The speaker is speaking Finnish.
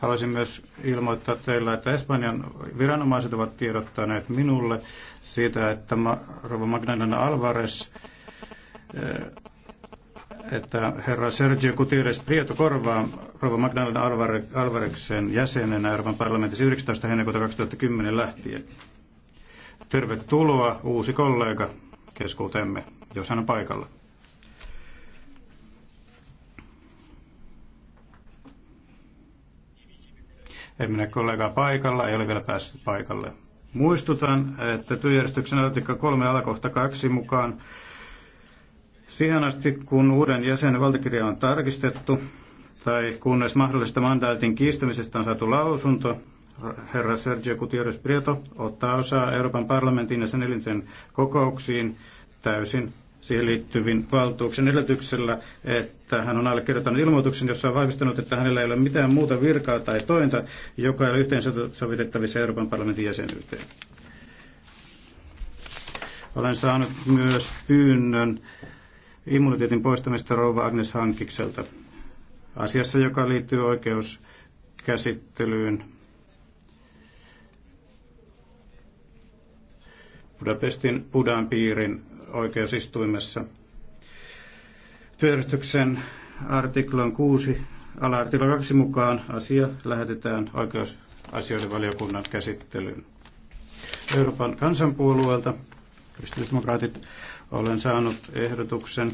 Haluaisin myös ilmoittaa teille, että Espanjan viranomaiset ovat tiedottaneet minulle siitä, että Rova Magdalena Alvarez, eh, että herra Sergio Gutierrez Prieto korvaa Rova Magdalena Alvarezsen jäsenenä Euroopan parlamentissa 19. heinäkuuta 2010 lähtien. Tervetuloa uusi kollega keskuutemme, jos hän on paikalla. Ei minä kollegaa paikalla, ei ole vielä päässyt paikalle. Muistutan, että työjärjestyksen artikka 3 alakohta 2 mukaan siihen asti, kun uuden jäsenen valtakirja on tarkistettu tai kunnes mahdollisesta mandaatin kiistämisestä on saatu lausunto, herra Sergio Gutierrez Prieto ottaa osaa Euroopan parlamentin ja sen elinten kokouksiin täysin siihen liittyvin valtuuksen edellytyksellä, että hän on allekirjoittanut ilmoituksen, jossa on vahvistanut, että hänellä ei ole mitään muuta virkaa tai tointa, joka ei ole sovitettavissa Euroopan parlamentin jäsenyyteen. Olen saanut myös pyynnön immuniteetin poistamista rouva Agnes Hankikselta asiassa, joka liittyy oikeuskäsittelyyn Budapestin Budan piirin oikeusistuimessa. Työjärjestyksen artiklan 6 ala-artikla 2 mukaan asia lähetetään oikeusasioiden valiokunnan käsittelyyn. Euroopan kansanpuolueelta kristillisdemokraatit olen saanut ehdotuksen